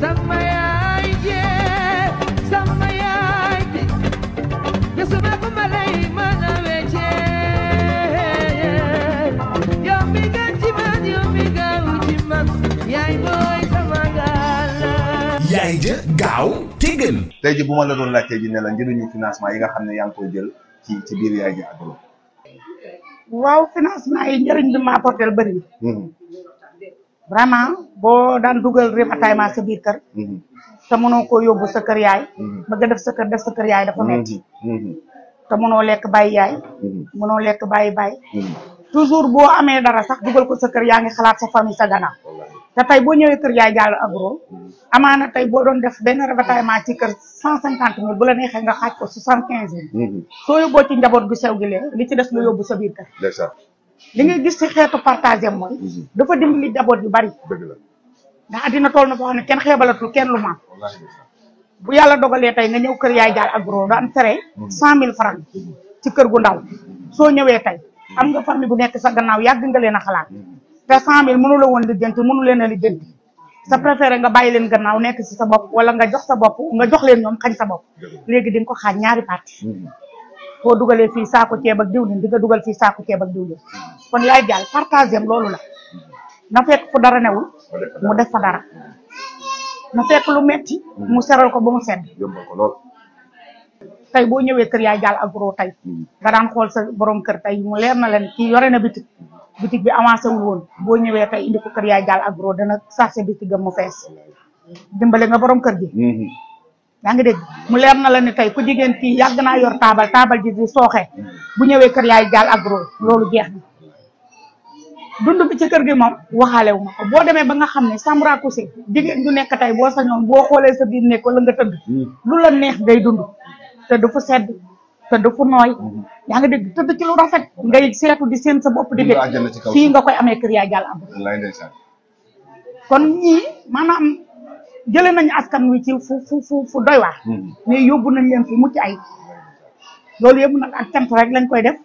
sama yaay jee sama yaay di gisuma ku ma lay mën a weccee yow mi gën ci man yow yaay booy sama gàlla yaay ja gaaw te gën bu ma la doon laajte ji ne la njëriñu financement yi nga xam ne yaa ngi koy jël ci biir yaay ja agro waaw financement yi njëriñ li ma apporté bëri mhm. vraiment boo daan dugal réem ataay ma sa biir kër mm-hmm. te mënoo koo yóbbu sa kër yaay mm-hmm. bëgg a def sa kër def sa kër yaay dafa metti mm-hmm. te mënoo lekk bàyyi yaay mënoo lekk bàyyi bàyyi toujours boo amee dara sax dugal ko sa kër yaa ngi xalaat sa famille sa gannaaw te tey boo ñëwee kër yaay jàll agro na tey boo doon def benn ravitaillement ci kër cent cinquante mille bu la neexee nga xaaj ko soixante quinze mille soo yóbboo ci njaboot gu sew gi lee li ci des nga yóbbu sa biir kër li ngay gis ci xeetu partagé mooy dafa dimbali njaboot yu bari ndax addina toll na foo xam ne kenn xeebalatul kenn lu ma bu yàlla dogalee tey nga ñëw kër yaay jaal agro da am tere mm. cent mille francs ci kër gu ndaw soo ñëwee tey am nga famille bu nekk sa gannaaw yàgg nga leen a xalaat mm. te cent mille mënu la woon lijjanti mënu leen a lijjanti sa mm. préféré nga bàyyi leen gannaaw nekk si sa bopp wala nga jox sa bopp nga jox leen ñoom xañ sa bopp léegi di ko xaaj ñaari parti boo dugalee fii saako ceeb ak diwlin di dugal fii saako ceeb ak diwlin kon la na fekk fu dara newul mu def fa dara na fekk lu metti mu seral ko ba mu sedd tey boo ñëwee kër yaay jaal agro tey hmm. nga daan xool sa borom kër tey mu leer na leen kii yore na bitik bitik bi avancé wul woon boo ñëwee tey indi ko kër yaay jaal agro dana sarse bitik am mu fees dimbale nga borom kër gi hmm. yaa ngi dégg mu leer na la ne tey ku jigéen kii yàgg naa yor taabal taabal ji sooxe hmm. bu ñëwee kër yaay jaal agro loolu jeex na dund bi ci kër gi moom waxaale wu ma boo demee ba nga xam ne chambre à coucher jigéen du nekk tey boo sañoon boo xoolee sa biir nekk wala nga tëdd hmm. lu la neex ngay dund te du fu sedd te du fu nooy hmm. yaa ngi dégg tëdd ci lu rafet ngay seetu di seen sa bopp di dégg fii nga koy amee kër yaa jàll am kon ñii maanaam jëlee nañu askan wi ci fu fu fu doy waar hmm. mais yóbbu nañ leen fu mucc ay loolu yëpp nag ak cant rek lañ koy def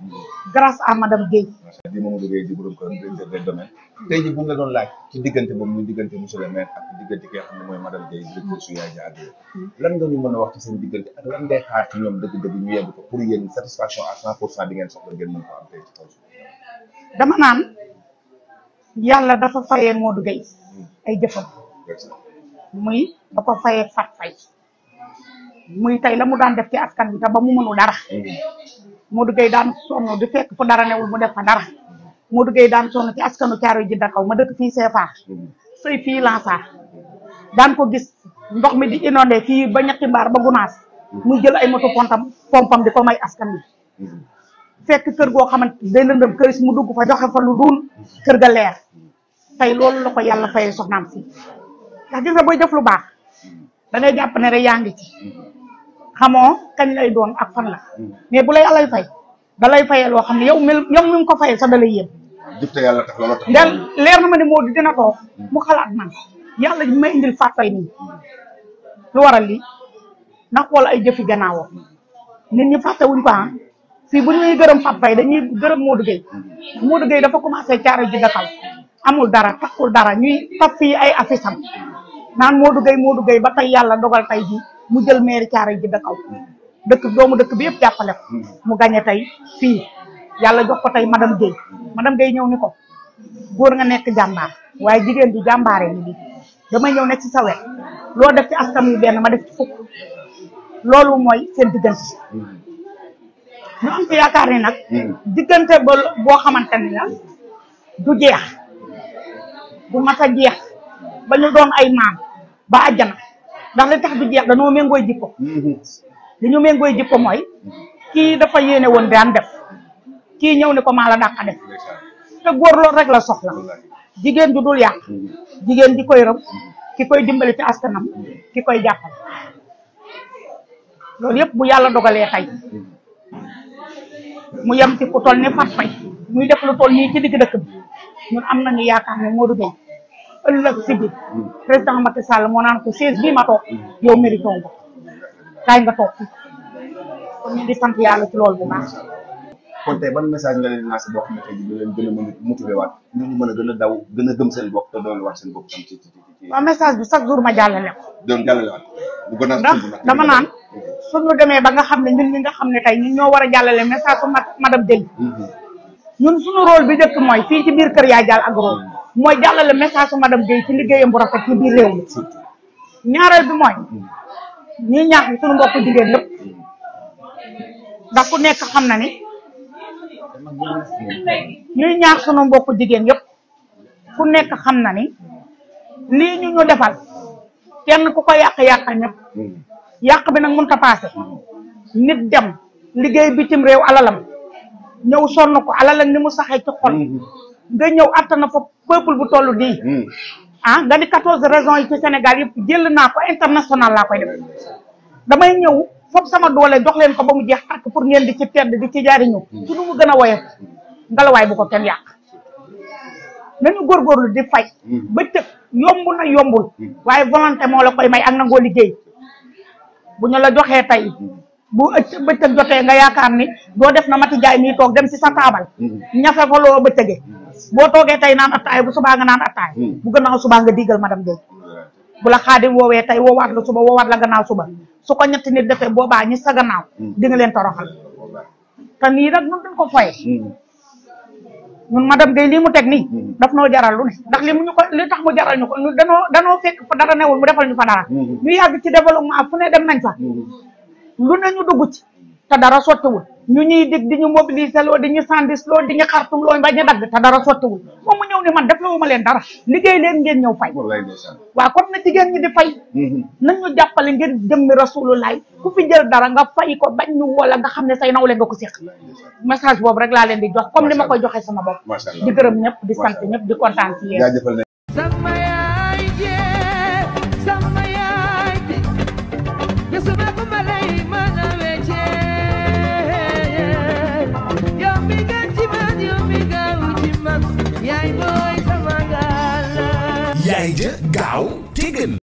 grâce à madame Guèye. di Mamadou Guèye di borom kër directeur des domaines tey jii bu doon laaj ci diggante boobu muy diggante monsieur le maire ak diggante ki xam ne mooy madame Guèye directeur su yaay jaadu lan nga ñu mën a wax ci seen diggante ak lan ngay xaar ci ñoom dëgg-dëgg ñu yegg ko pour yéen satisfaction à 100 pour ko am tey ci kaw dama naan yàlla dafa fayee Modou Guèye ay jëfam muy da ko fayee Fatou Faye muy tey la mu daan def ci askan bi te ba mu mënul dara Modou duggee daan sonn di fekk fu dara newul mu def fa dara Modou Gueye daan sonn ci askanu Caaroy ji kaw ma dëkk fii CFA sëy fii Lansar daan ko gis ndox mi di inondé fii ba ñetti mbaar ba gunaas mu jël ay moto pontam pompam di ko may askan bi fekk kër goo xamante day lëndëm kër si mu dugg fa joxe fa lu duun kër ga leer tey loolu la ko yàlla fayee soxnaam si ndax gis booy def lu baax da jàpp ne rek yaa ngi ci xamoo kañ lay doon ak fan la hmm. mais bu lay alay fay da lay fayee loo xam ne yow mel yow mi ko fayee sax da lay yàlla tax loolu ndax leer na ma ne moo dina toog hmm. mu xalaat man yàlla ji may indil fàttal nii lu waral li ndax wala ay jëfi gannaawoo nit ñi fàtte wuñ ko am ah. fii bu ñuy gërëm Pape Faye dañuy gërëm Modou Gueye hmm. Modou Gueye dafa commencé caare ji dakal amul dara takkul dara ñuy taf fii ay affiche am naan Modou Gueye Modou Gueye ba tey yàlla dogal tey jii mu jël mairie Thiaroye ji dëkkaw dëkk doomu dëkk bi yëpp jàppale ko hmm. mu gañe tey fii yàlla jox ko tey madame Guèye madame Guèye ñëw ni ko góor nga nekk jàmbaar waaye jigéen di jàmbaaree ni damay ñëw nekk ci sa loo def ci askan benn ma def ci loolu mooy seen diggante ñu hmm. am ci yaakaar ni nag hmm. diggante ba boo xamante ni la du jeex du mas a jeex ba ñu doon ay maam ba àjjana ndax li tax du jeex dañoo méngooy jikko dañu mhm. ñu méngooy jikko mooy kii dafa yéene woon daan def kii ñëw ne ko maa la dàq def te góor loolu rek la soxla jigéen du dul yàq mhm. jigéen di koy rëb ki koy dimbali ci askanam mhm. ki koy jàppal loolu yëpp bu yàlla dogalee tey mu yem ci ku toll ni Fatou Faye muy def lu toll nii ci digg dëkk bi ñun am nañu yaakaar ne Modou Gueye ëllëg si bi président Macky Sall moo naan ko chaise bii ma toog yow méritoon ko nga toog kon ñu ngi sant yàlla ci loolu bu baax. kon tey ban message nga leen a mën a motivé waat ñu ñu a gën a gën a gëm seen bopp te doon waat seen bopp tam ci ci ci. waaw message bi chaque jour ma jàllale ko. doon jàllale waat bu gën a. ndax dama naan suñu demee ba nga xam ne ñun ñi nga xam ne tay ñun ñoo war a jàllale message su madame Deli. Mm-hmm. ñun suñu rôle bi njëkk mooy fii ci biir Kër Yaay Diall ak rôle. mooy jàllale message su madame Gueye ci liggéeyam bu rafet ci biir réew mi ñaareel bi mooy ñuy ñaax suñu mbokku jigéen lépp ndax ku nekk xam na ni ñuy ñaax suñu mbokku jigéen yëpp ku nekk xam na ni lii ñu ñu defal kenn ku ko yàq-yàq ñëpp yàq bi nag mënut a paase nit dem liggéey bitim réew alalam ñëw sonn ko alalam ni mu saxee ci xol nga ñëw attan na fa peuple bu toll nii. Hmm. ah nga ni quatorze régions yi ci Sénégal yëpp jël naa ko international laa koy def damay ñëw foofu sama doole dox leen ko ba mu jeex tàkk pour ngeen di ci tedd di ci jaariñu su hmm. nu mu gën a woyof ngalawaay bu ko kenn yàq nañu góorgóorlu di fay hmm. bëccëg yomb na yombul waaye volonté moo la koy may ak na nangoo liggéey bu ñu la joxee tey bu ëcc bëccëg jotee nga yaakaar ni doo def na mati jaay mii toog dem si sa taabal ñafe fa boo toogee tey naan attaay bu subaa nga naan attaay bu hmm. gannaaw subaa nga digal madame Diop bu la xaadim woowee tey woowaat la suba woowaat la gannaaw suba hmm. su ko ñetti nit defee boobaa ñi sa gannaaw hmm. di leen toroxal te nii nag nun dañ ko foye ñun madame Gueye lii mu teg nii daf noo jaral lu ne ndax li mu tax mu jaral ñu ko danoo fekk fa dara newul mu defal ñu fa dara ñu yàgg ci développement fu ne dem nañ fa lu ne ñu dugg ci te dara sottiwul ñu ñuy dig di ñu mobiliser di ñu sandis di ñu xartum loo bañ a dagg te dara sottiwul moom mu ñëw ne man def la ma leen dara liggéey leen ngeen ñëw fay waaw comme na jigéen ñi di fay mm-hmm. nañ jàppale ngir jëmmi rasulullaay ku fi jël dara nga fay ko bañ ñu wala nga xam ne say nawle nga ko séq message boobu rek laa leen di jox comme ni ma koy joxee sama bopp di gërëm ñëpp di sant ñëpp di kontaan